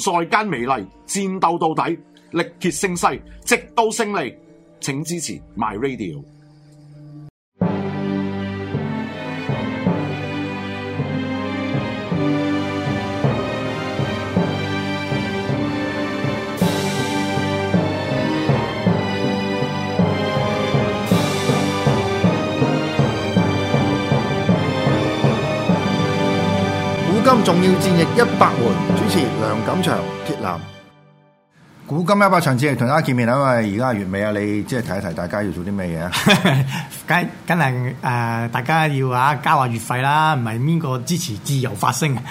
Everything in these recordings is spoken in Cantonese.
賽間美麗，戰鬥到底，力竭勝勢，直到勝利，請支持 My Radio。古今重要戰役一百回。梁錦祥、鐵男，古今一百場字，同大家見面啊！喂，而家月尾啊，你即係睇一睇， 大家要做啲咩嘢啊？梗梗係誒，大家要啊交下月費啦，唔係邊個支持自由發聲？的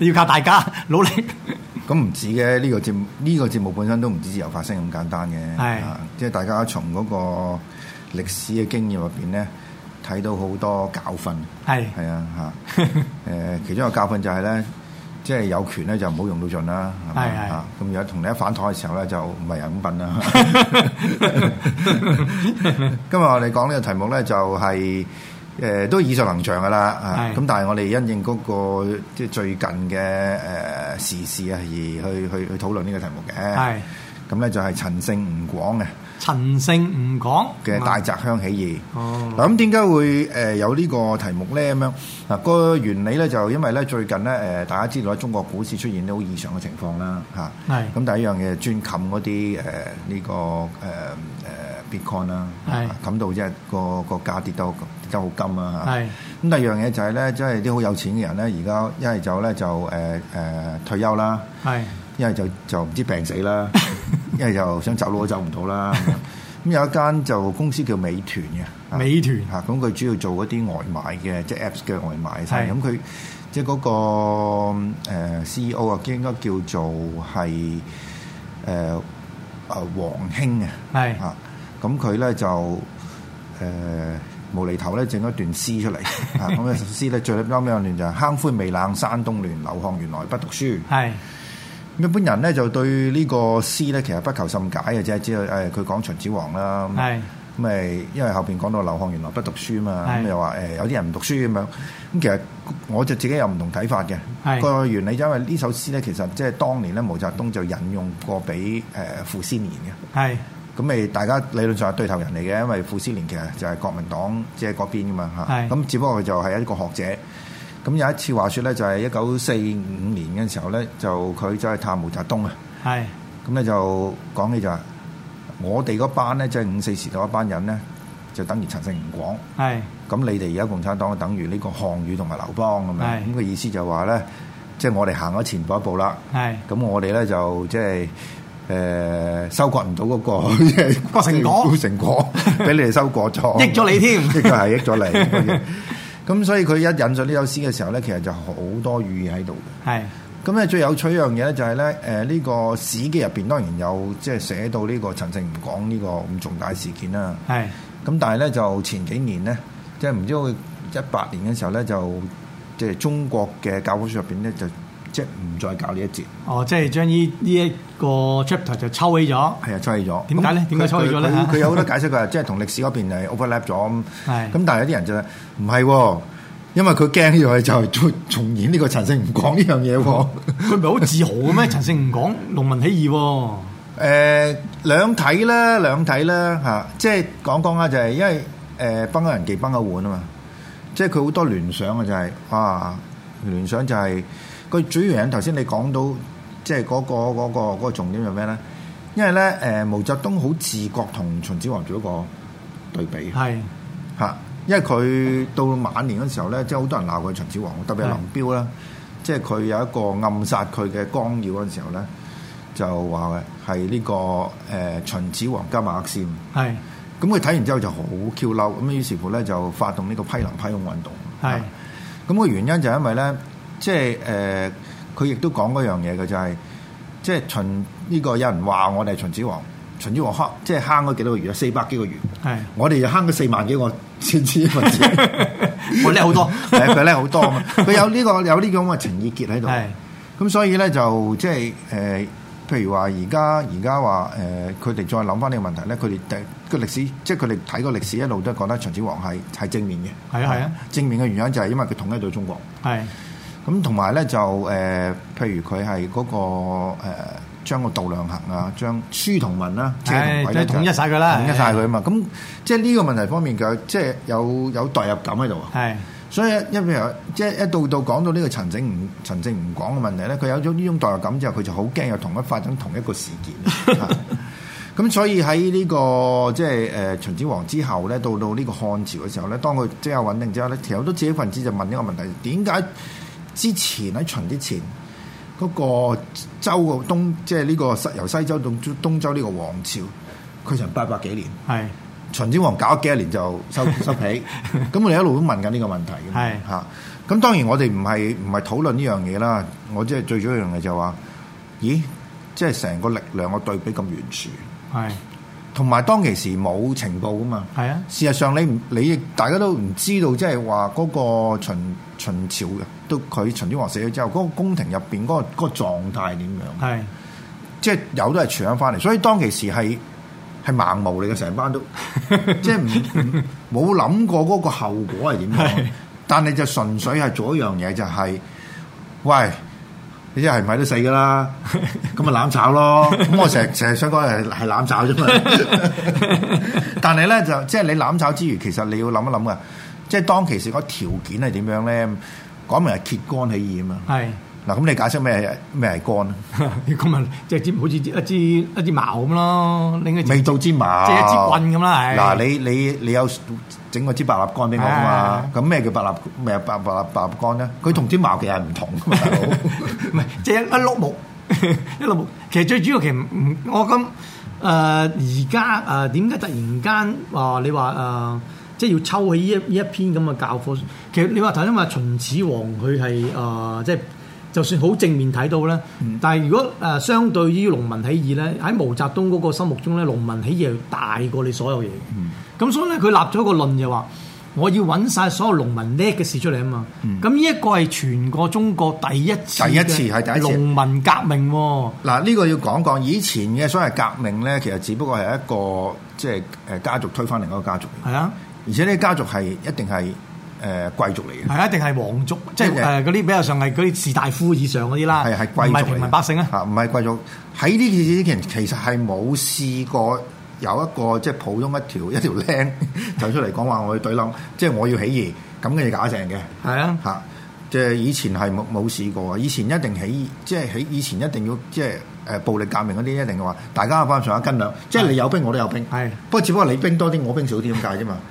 要靠大家努力。咁唔止嘅呢個節呢個節目本身都唔止自由發聲咁簡單嘅，係即係大家從嗰個歷史嘅經驗入邊咧，睇到好多教訓。係係啊吓，誒，其中一個教訓就係咧。即係有權咧，就唔好用到盡啦。咁如同你一反駁嘅時候咧，就唔係人咁笨啦。今日我哋講呢個題目咧，就是，就係誒都以上能常㗎啦。咁是的 但係我哋因應嗰個即係最近嘅誒、呃、時事啊，而去去去討論呢個題目嘅。咁咧就係陳勝吳廣嘅陳勝吳廣嘅大澤鄉起義。嗱咁點解會誒有呢個題目咧？咁樣嗱個原理咧就因為咧最近咧誒大家知道喺中國股市出現啲好異常嘅情況啦嚇。咁是第一樣嘢專冚嗰啲誒呢個誒 Bitcoin 啦，冚、呃、到即係個個價跌到跌得好甘啊！咁是第二樣嘢就係、是、咧，即係啲好有錢嘅人咧，而家一係就咧就誒退休啦，一係是就就唔知病死啦。 因一又想走路都走唔到啦。咁 有一間就公司叫美團嘅，美團嚇，咁佢主要做嗰啲外賣嘅，即係 Apps 嘅外賣的。咁佢是即係嗰個 CEO 啊，應該叫做係誒誒王興嘅。係嚇是，咁佢咧就誒、呃、無厘頭咧整一段詩出嚟。咁啊首詩咧最啱邊段就係、是「 坑灰未冷山東亂，劉項原來不讀書」。係。一般人咧就對呢個詩咧，其實不求甚解嘅啫，只係誒佢講秦始皇啦。係咁咪，因為後邊講到劉項原來不讀書啊嘛，咁又話誒有啲人唔讀書咁樣。咁其實我就自己有唔同睇法嘅。個是的 原理係因為呢首詩咧，其實即係當年咧，毛澤東就引用過俾誒傅斯年嘅。係咁咪大家理論上係對頭人嚟嘅，因為傅斯年其實就係國民黨即係嗰邊噶嘛嚇。咁，是的 只不過佢就係一個學者。咁有一次話說咧，就係一九四五年嘅時候咧，就佢走去探毛澤東啊。係。咁咧就講起就話，我哋嗰班咧，即係五四時代嗰班人咧，就等於陳勝吳廣。係。咁你哋而家共產黨就等於呢個項羽同埋劉邦咁樣。係。咁嘅意思就話咧，即係我哋行咗前一步啦。係。咁我哋咧就即係誒收穫唔到嗰個成果。成果。俾你哋收穫咗。益咗你添。益咗係益咗你。咁所以佢一引述呢首詩嘅時候咧，其實就好多寓意喺度嘅。咁咧是最有趣一樣嘢咧就係、是、咧，呢、呃這個史記入邊當然有即係寫到呢、這個陳勝吳廣呢個咁重大事件啦。咁是但係咧就前幾年咧，即係唔知佢一八年嘅時候咧就即係、就是、中國嘅教科書入邊咧就。即係唔再搞呢一節。哦，即係將呢一、呢個 chapter 就抽起咗。係啊，抽起咗。點解咧？點解抽起咗咧？佢有好多解釋嘅，即係同歷史嗰邊係 overlap 咗。咁的但係有啲人就唔、是、係、哦，因為佢驚呢樣嘢就重、是、演呢個陳勝唔講呢樣嘢。佢唔係好自豪嘅咩？ 陳勝唔講農民起義、哦。喎、呃。兩睇啦，兩睇啦即係講講啊，講講就係、是、因為誒、呃、崩人忌崩嘅碗啊嘛。即係佢好多聯想嘅就係、是、啊，聯想就係、是。佢主要原因頭先你講到，即係嗰、那個嗰、那個那個那個、重點係咩咧？因為咧，誒毛澤東好自覺同秦始皇做一個對比，係嚇是。因為佢到晚年嘅時候咧，即係好多人鬧佢秦始皇，特別係林彪啦，是即係佢有一個暗殺佢嘅光耀嗰陣時候咧，就話係呢個誒、呃、秦始皇加馬克思，係咁佢睇完之後就好嬲，咁於是乎咧就發動呢個批林批孔運動，係咁個原因就係因為咧。即係誒，佢、呃、亦都講嗰樣嘢嘅就係、是，即係秦呢個有人話我哋係秦始皇，秦始皇坑即係坑咗幾多個儒，四百幾個儒，係是的 我哋就坑咗四萬幾個知識分子，我叻好多，佢叻好多，佢有呢個有呢個咁嘅情意結喺度，咁是的 所以咧就即係誒、呃，譬如話而家而家話誒，佢哋、呃、再諗翻呢個問題咧，佢哋個歷史即係佢哋睇個歷史一路都覺得秦始皇係係正面嘅，係啊係啊，正面嘅原因就係因為佢統一到中國，係。咁同埋咧就誒、呃，譬如佢係嗰個誒、呃，將個度量衡啊，將書同文啦，即係統一晒佢啦，統一晒佢啊嘛。咁即係呢個問題方面，佢即係有有代入感喺度啊。是的 所以因為即係一到到講到呢個秦政唔秦政唔講嘅問題咧，佢有咗呢種代入感之後，佢就好驚又同一發生同一個事件。咁 所以喺呢、這個即係誒、呃、秦始皇之後咧，到到呢個漢朝嘅時候咧，當佢即係穩定之後咧，其實好多知識分子就問一個問題：點解？之前喺秦之前嗰、那個周個東，即係呢、這個由西周到東周呢個王朝，佢成八百幾年。係是的 秦始皇搞咗幾多年就收收皮。咁 我哋一路都問緊呢個問題。係嚇。咁當然我哋唔係唔係討論呢樣嘢啦。我即係最主要一樣嘅就話、是，咦，即係成個力量個對比咁懸殊。係。同埋當其時冇情報噶嘛，啊、事實上你唔你亦大家都唔知道，即係話嗰個秦秦朝都佢秦始皇死咗之後，嗰、那個宮廷入邊嗰、那個狀態、那個、狀態點樣？即係是有都係傳翻嚟，所以當其時係係盲目嚟嘅，成班都即係唔冇諗過嗰個後果係點樣，是但係就純粹係做一樣嘢就係、是、喂。你真係唔係都死噶啦，咁咪攬炒咯。咁我成成日想講係係攬炒啫嘛。 但係咧就即係、就係、你攬炒之餘，其實你要諗一諗啊。即係當其時嗰條件係點樣咧？講明係揭竿起義啊嘛。係。嗱，咁、啊、你解釋咩係咩係桿咧？咁 啊，即係好似一支一支矛咁咯，拎一支未支矛，即係一支棍咁啦。嗱，你你你有整個支白蠟桿俾我啊嘛、啊？咁咩叫白蠟？咩白白蠟白蠟桿咧？佢同支矛其實係唔同嘅嘛，唔即係一碌木一碌木。其實最主要其實唔我咁誒而家誒點解突然間話、呃、你話誒、呃、即係要抽起呢一呢一篇咁嘅教科書？其實你話頭先話秦始皇佢係誒即係。就算好正面睇到咧，但係如果誒相對於農民起義咧，喺毛澤東嗰個心目中咧，農民起義係大過你所有嘢。咁、嗯、所以咧，佢立咗個論就話：我要揾曬所有農民叻嘅事出嚟啊嘛！咁呢一個係全個中國第一次係第一農民革命喎。嗱呢、啊呢個要講講，以前嘅所謂革命咧，其實只不過係一個即係、誒、家族推翻另一個家族。係啊，而且呢家族係一定係。誒、呃、貴族嚟嘅，係一定係皇族，即係誒嗰啲比較上係嗰啲士大夫以上嗰啲啦，係係貴，貴族，唔係平民百姓啊，嚇唔係貴族。喺呢件事之前其實係冇試過有一個即係普通一條 一條僆走出嚟講話，我要對冧，即係 我要起義，咁跟住搞成嘅，係 啊嚇。即係以前係冇冇試過嘅，以前一定起義，即係起以前一定要即係誒暴力革命嗰啲，一定話大家翻上一斤兩，即係你有兵我都有兵，係的，的不過只不過你兵多啲我兵少啲咁解啫嘛。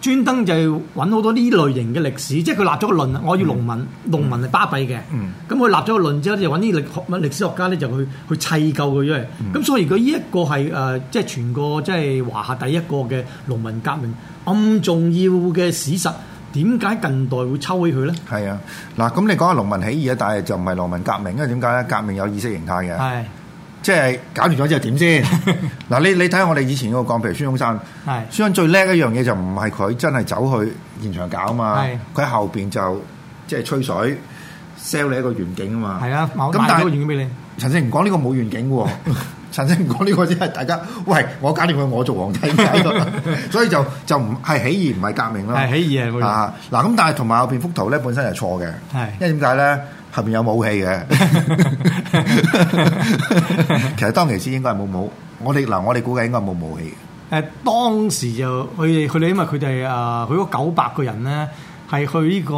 專登就揾好多呢類型嘅歷史，即係佢立咗個論。我要農民，嗯、農民係巴閉嘅。咁佢、嗯、立咗個論之後，就揾啲歷學歷史學家咧，就去去砌救佢。因為咁、嗯，所以佢呢一個係、呃、即係全個即係華夏第一個嘅農民革命咁重要嘅史實。點解近代會抽起佢咧？係啊，嗱，咁你講下農民起義啊，但係就唔係農民革命，因為點解咧？革命有意識形態嘅。即係搞掂咗之後點先？嗱，你你睇下我哋以前嗰個講，譬如孫中山，孫中山最叻一樣嘢就唔係佢真係走去現場搞啊嘛，佢喺後邊就即係吹水，sell 你一個願景啊嘛。係啊，咁但係陳勝吳廣講呢個冇願景喎，陳勝吳廣講呢個先係大家，喂，我搞掂佢，我做皇帝。所以就就唔係起義唔係革命囉，係起義啊！嗱咁，但係同埋後邊幅圖咧本身係錯嘅，因為點解咧？後面有武器嘅， 其實當其時應該係冇武，我哋嗱，我哋估計應該冇武器嘅。誒當時就佢哋佢哋因為佢哋啊，佢嗰九百個人咧。係去呢個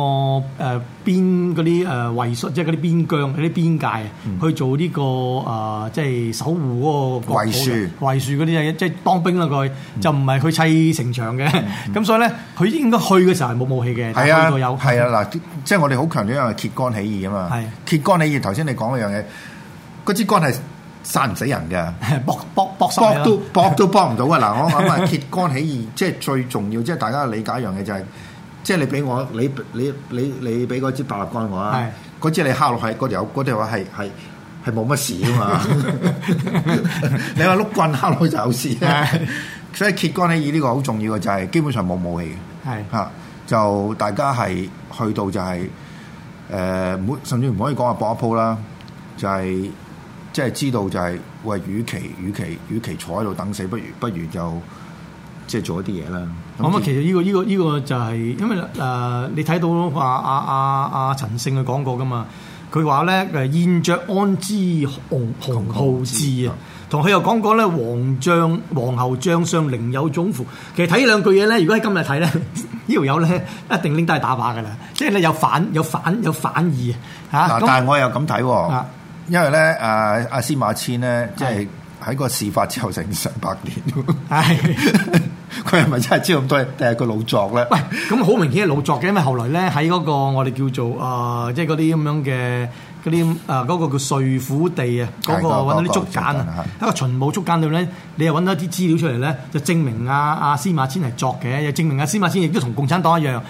誒邊嗰啲誒衛戍，即係嗰啲邊疆、嗰啲邊界，去做呢個誒，即係守護嗰個衛戍、衛戍嗰啲，即係當兵啦，佢就唔係去砌城牆嘅。咁所以咧，佢應該去嘅時候係冇武器嘅。係啊，係啊，嗱，即係我哋好強調係揭竿起義啊嘛。係揭竿起義，頭先你講嗰樣嘢，嗰支竿係殺唔死人嘅，搏搏搏都搏都搏唔到嘅。嗱，我諗啊，揭竿起義即係最重要，即係大家理解一樣嘢就係。即係你俾我，你你你你俾嗰支白蠟棍我啊，嗰的支你敲落去嗰條有嗰條話係冇乜事啊嘛！ 你話碌棍敲落去就有事咧，的所以揭竿起義呢個好重要嘅就係、是、基本上冇武器嘅，係嚇的、啊、就大家係去到就係、是、誒、呃，甚至唔可以講話搏一鋪啦，就係即係知道就係、是，喂，與其與其與其坐喺度等死，不如不如就即係、就是、做一啲嘢啦。咁啊，嗯嗯、其實呢、這個呢、這個呢、這個就係、是，因為誒、呃、你睇到話阿阿阿陳勝佢講過噶嘛，佢話咧誒燕雀安知鴻鴻鵠志啊，同佢、嗯、又講講咧王將王侯將相，寧有種乎？其實睇呢兩句嘢咧，如果喺今日睇咧，呢條友咧一定拎低係打靶噶啦，即係你有反有反有反義嚇。嗱、啊，但係我又咁睇喎，啊、因為咧誒阿司馬遷咧，即係喺個事發之後成上百年。係的。 佢係咪真係知道咁多？定係個老作咧？ 喂，咁好明顯係老作嘅，因為後來咧喺嗰個我哋、呃就是呃那個、叫做啊，即係嗰啲咁樣嘅嗰啲啊，嗰個叫睡虎地啊、嗰、那個揾、嗯、到啲竹簡啊，喺個秦是墓竹簡度咧，你又揾到一啲資料出嚟咧，就證明啊、阿、啊、司馬遷係作嘅，又證明阿、啊、司馬遷亦都同共產黨一樣，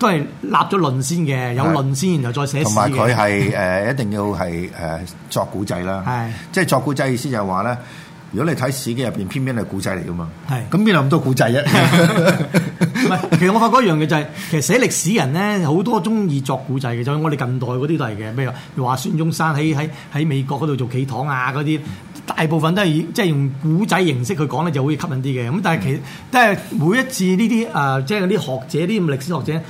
都係立咗論先嘅，有論先然後又再寫是。同埋佢係誒， 一定要係誒、呃、作古仔啦，係是即係作古仔意思就係話咧。如果你睇史記入邊，偏偏係古仔嚟噶嘛？係是。咁邊有咁多古仔啫？唔係， 其實我發覺一樣嘢就係、是，其實寫歷史人咧，好多中意作古仔嘅，就係我哋近代嗰啲都係嘅。譬如話，話孫中山喺喺喺美國嗰度做企堂啊嗰啲，大部分都係即係用古仔形式去講咧，就好易吸引啲嘅。咁但係其實即係每一次呢啲誒，即係啲學者啲歷史學者，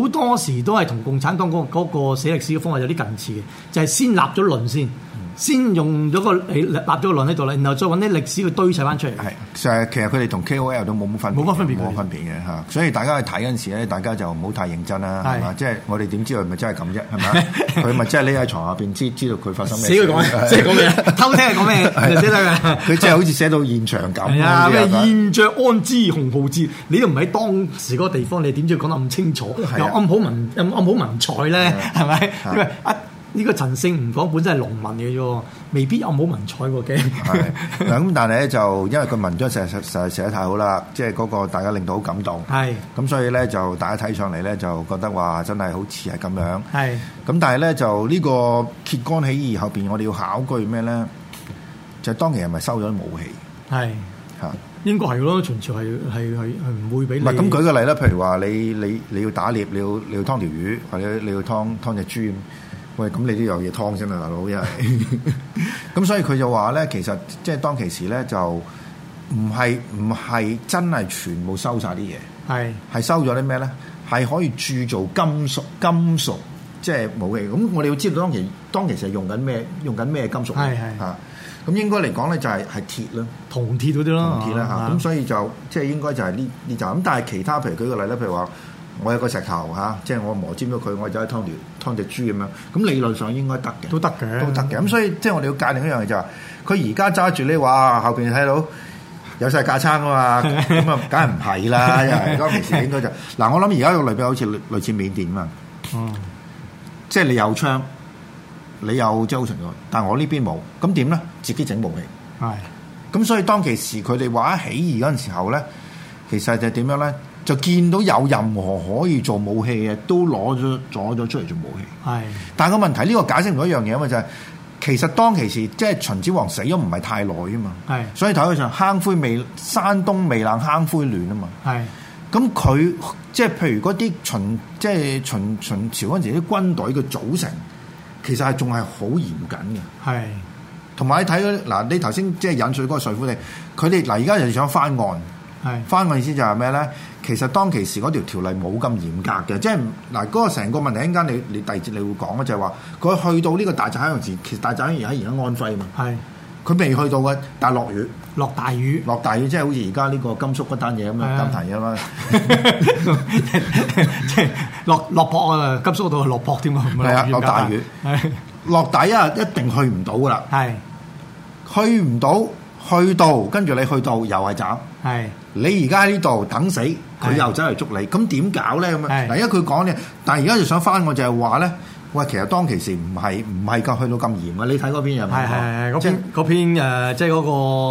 好多時都係同共產黨嗰、那、嗰、個那個寫歷史嘅方法有啲近似嘅，就係、是、先立咗論先。先用咗個立咗個論喺度，然後再揾啲歷史去堆砌翻出嚟。係，其實佢哋同 KOL 都冇乜分別，冇乜分別嘅嚇。所以大家去睇嗰陣時咧，大家就唔好太認真啦，係嘛？即係我哋點知佢咪真係咁啫？係嘛？佢咪真係匿喺床下邊知知道佢發生咩？寫佢講咩？咩？偷聽係講咩？就佢真係好似寫到現場咁。啊，咩現著安知，紅袍知？你都唔喺當時嗰地方，你點知講得咁清楚？暗好文，暗好文采咧，係咪？呢個陳勝吳廣本身係農民嘅啫，未必有冇文采過嘅是。咁 但係咧，就因為佢文章實實實係寫得太好啦，即係嗰個大家令到好感動。咁是所以咧，就大家睇上嚟咧，就覺得哇，真係好似係咁樣。咁是但係咧，就呢個揭竿起義後邊，我哋要考據咩咧？就當其係咪收咗啲武器？係嚇是，應該係咯。秦朝係係係係唔會俾你。咁舉個例啦，譬如話你你你要打獵，你要你要劏條魚，魚，魚，或者你要劏劏隻豬。喂，咁你都有嘢湯先啦大佬，因為咁 所以佢就話咧，其實即係當其時咧，就唔係唔係真係全部收曬啲嘢，係是收咗啲咩咧？係可以鑄造金屬，金屬即係武器。咁我哋要知道當其當其時用緊咩？用緊咩金屬？係咁是應該嚟講咧就係、是、係鐵啦，銅鐵嗰啲咯，銅鐵啦嚇。咁、啊、的所以就即係應該就係呢呢咁但係其他譬如舉個例咧，譬如話。我有個石頭嚇，即係我磨尖咗佢，我就可以劏條劏隻豬咁樣。咁理論上應該得嘅，都得嘅，都得嘅。咁、嗯、所以即係我哋要界定一樣嘢就係，佢而家揸住呢？話，後邊睇到有晒架撐啊嘛，咁啊，梗係唔係啦？因為當其時應該就嗱， 我諗而家個例子好似類似緬甸啊。嗯，即係你有槍，你有裝備，但係我這邊沒呢邊冇，咁點咧？自己整武器。係的。咁所以當其時佢哋話起義嗰陣時候咧，其實就係點樣咧？就見到有任何可以做武器嘅，都攞咗、攞咗出嚟做武器。係，是的 但係個問題呢，呢個解釋唔到一樣嘢，因為就係、是，其實當其時即係秦始皇死咗唔係太耐啊嘛。係，是的 所以睇佢上坑灰未，山東未冷，坑灰暖啊嘛。係是的，咁佢即係譬如嗰啲秦即係秦秦，秦朝嗰陣時啲軍隊嘅組成，其實係仲係好嚴謹嘅。係是的，同埋你睇到嗱，你頭先即係引出嗰個水夫哋，佢哋嗱而家人想翻案，係翻案意思就係咩咧？其實當其時嗰條條例冇咁嚴格嘅，即係嗱嗰個成個問題，一間你你第二節你會講啊，就係話佢去到呢個大宅閂時，其實大宅閂而家而家安徽啊嘛，係佢未去到嘅，但係落雨，落大雨，落大雨，即係好似而家呢個甘那、啊、甘肅嗰單嘢咁樣，金提啊嘛， 即係落落雹啊，甘肅度落雹添啊，係啊，落大雨，落底但啊一定去唔到噶啦，係是去唔到，去到跟住你去到又係斬，係是你而家喺呢度等死。佢又走嚟捉你，咁點搞咧？咁樣嗱，而家佢講呢，的但係而家就想翻，我就係話咧，喂，其實當其時唔係唔係㗋去到咁嚴啊！你睇嗰篇又唔係？係係嗰篇嗰即係嗰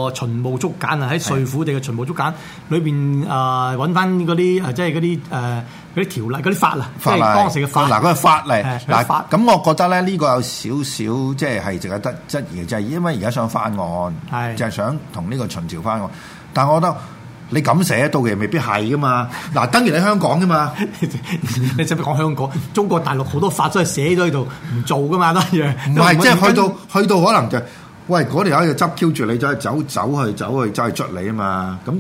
個秦墓竹簡啊，喺睡虎地嘅秦墓竹簡裏面，啊、呃，揾翻嗰啲即係嗰啲誒嗰啲條例嗰啲法啊，法，係來當時嘅法。嗱嗰、嗰個法例咁我覺得咧，呢個有少少即係係仲有得質疑，就係、是、因為而家想翻案，的就係想同呢個秦朝翻案，但係我覺得。你咁寫，到嘅未必係噶嘛？嗱，當然你香港㗎嘛， 你使唔使講香港？ 中國大陸好多法都係寫咗喺度，唔做噶嘛，一樣。唔係，即係去到去到，去到可能就，喂，嗰條友就執 Q 住你，就走走去走去，就係捉你啊嘛，咁。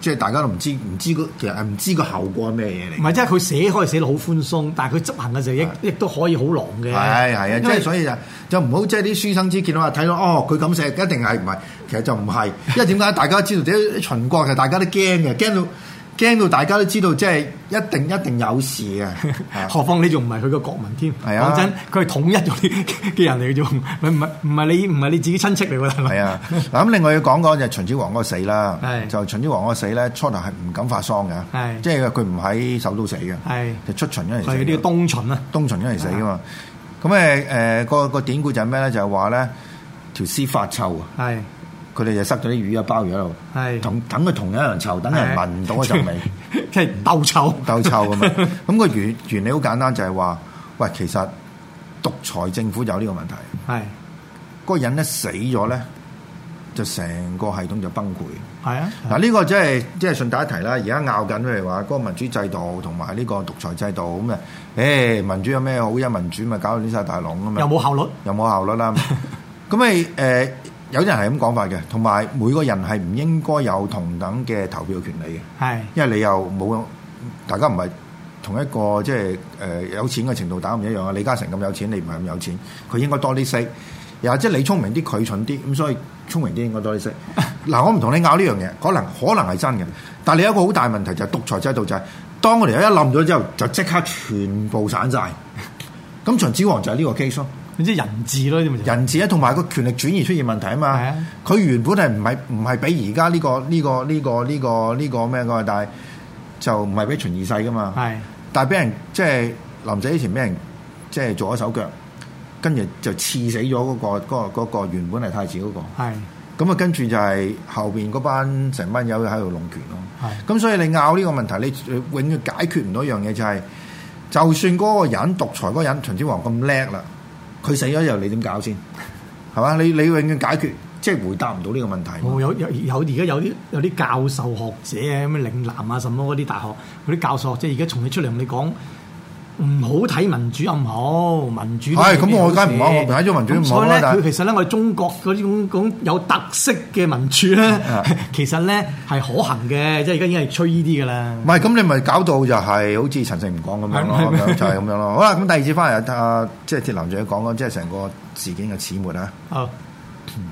即係大家都唔知唔知個其實係唔知個後果係咩嘢嚟。唔係即係佢寫可以寫到好寬鬆，但係佢執行嘅時候亦亦都可以好狼嘅。係係啊，為即係所以就就唔好即係啲書生之見啊嘛，睇到哦佢噉寫一定係，唔係？其實就唔係，因為點解大家知道啲秦國係大家都驚嘅，驚到。 驚到大家都知道，即係一定一定有事啊！ 何況你仲唔係佢個國民添？係啊，講真，佢係統一咗啲嘅人嚟嘅啫，唔唔唔係你唔係你自己親戚嚟喎。係啊！嗱，咁，另外要講嘅就係秦始皇嗰個死啦。是就秦始皇嗰個死咧，初頭係唔敢發喪嘅，是即係佢唔喺首都死嘅，就是出巡嗰陣時死。係呢個東巡啊，東巡嗰陣時死嘅嘛。咁誒誒個典故就係咩咧？就係話咧條屍發臭啊！係。佢哋就塞咗啲魚啊，鮑魚喺度，同是的 等佢同一樣臭，等人聞到一陣味，即係唔鬥臭，鬥臭咁啊！咁 個原原理好簡單，就係話，喂，其實獨裁政府有呢個問題，係嗰是的 個人咧死咗咧，就成個系統就崩潰。係啊，嗱、這、呢個即係即係順帶一提啦。而家拗緊譬如話，嗰、那個民主制度同埋呢個獨裁制度咁啊，誒、哎、民主有咩好？一民主咪搞到亂晒大龍咁啊！又冇效率，又冇效率啦、啊。咁咪誒。呃有啲人係咁講法嘅，同埋每個人係唔應該有同等嘅投票權利嘅。係是，因為你又冇，大家唔係同一個，即係誒有錢嘅程度打唔一樣啊。李嘉誠咁有錢，你唔係咁有錢，佢應該多啲識。又或者你聰明啲，佢蠢啲，咁所以聰明啲應該多啲識。嗱， 我唔同你拗呢樣嘢，可能可能係真嘅，但係你有一個好大問題就係、是、獨裁制度就係當我哋一冧咗之後，就即刻全部散晒。咁 秦始皇就係呢個 case 咯。即係人治咯，人治咧，同埋個權力轉移出現問題是啊嘛。佢原本係唔係唔係俾而家呢個呢個呢個呢個呢個咩嘅，但係就唔係俾秦二世噶嘛。係是、啊，但係俾人即係林仔以前俾人即係做咗手腳，跟住就刺死咗嗰個嗰個嗰個原本係太子嗰個。係是、啊，咁是啊跟住就係後邊嗰班成班友喺度弄權咯。係，咁所以你拗呢個問題，你永遠解決唔到一樣嘢，就係、是、就算嗰個人獨裁嗰個人秦始皇咁叻啦。佢死咗之後你點搞先？係嘛？你你，你永遠解決即係回答唔到呢個問題。哦，有有有而家有啲有啲教授學者啊，咁嘅嶺南啊什麼嗰啲大學嗰啲教授、學者。而家從你出嚟同你講。唔好睇民主咁好，民主好。係，咁我我梗唔好我唔睇咗民主講啦。咁咧，佢但 其實咧，我哋中國嗰啲咁咁有特色嘅民主咧，的其實咧係可行嘅，即係而家已經係吹呢啲噶啦。唔係，咁你咪搞到就係好似陳勝吳廣咁樣咯，就係咁樣咯。 好啦，咁第二節翻嚟，阿即係鐵男仲要講即係成個事件嘅始末啊。好嗯